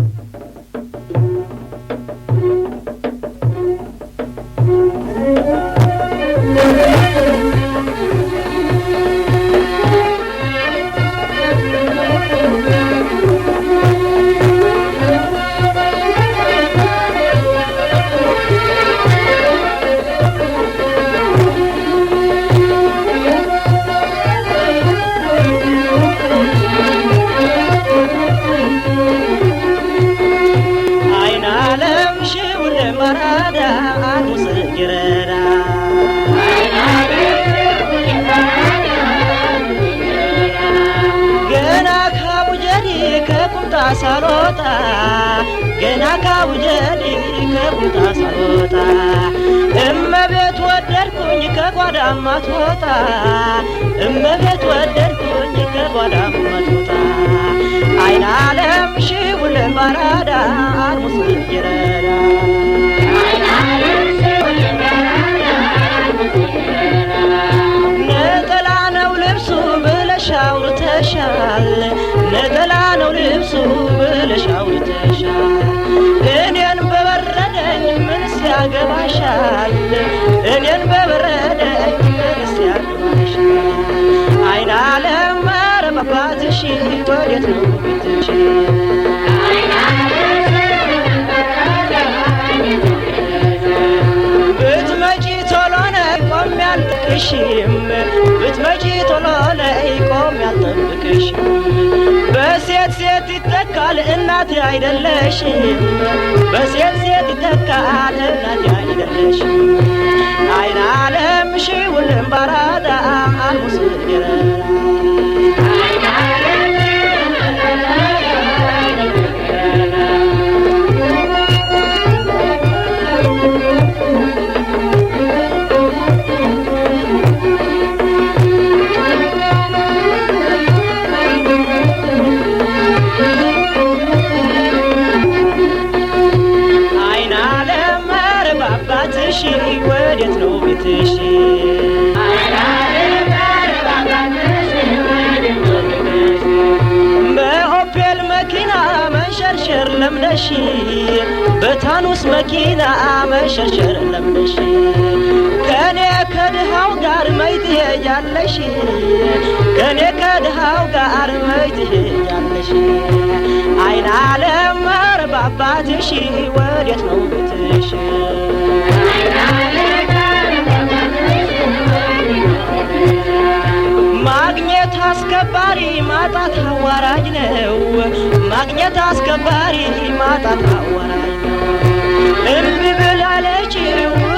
Thank you. ሳልወጣ ገና ከቦታ ሳልወጣ እመቤት ወደድኩኝ ከጓዳ ማትወጣ እመቤት ወደድኩኝ ከጓዳ ማትወጣ አይን አለም ባራዳ ይረዳ ነጠላ ነው ልብሱ ብለሽ አውርተሻል ነጠላ ልብሱ ብለሽ እኔን በበረደኝ ምን ሲያገባሻል? እኔን በበረደኝ ምን ሲያገባሻል? አይን አለም መረመባትሽ ወዴት ነው ቤትሽ? ቶሎ ብትመጪ ቶሎ በሴት ይተካል እናት አይደለሽ በሴት ሴት ይተካል እናቴ አይደለሽ አይን አለምሽ ውልም ባራዳ አልሙስ ገረ መሸርሸር ለምነሽ በታኑስ መኪና መሸርሸር ለምነሽ ከኔ ከድሃው ጋር መይ ትሄጃለሽ ከኔ ከድሃው ጋር መይ ትሄጃለሽ አይና አለም ኧረ ባባትሽ ወዴት ነው ቤትሽ አስከባሪ ማጣት አዋራጅ ነው። ማግኘት አስከባሪ ማጣት አዋራጅ ነው። እምቢ ብላለችው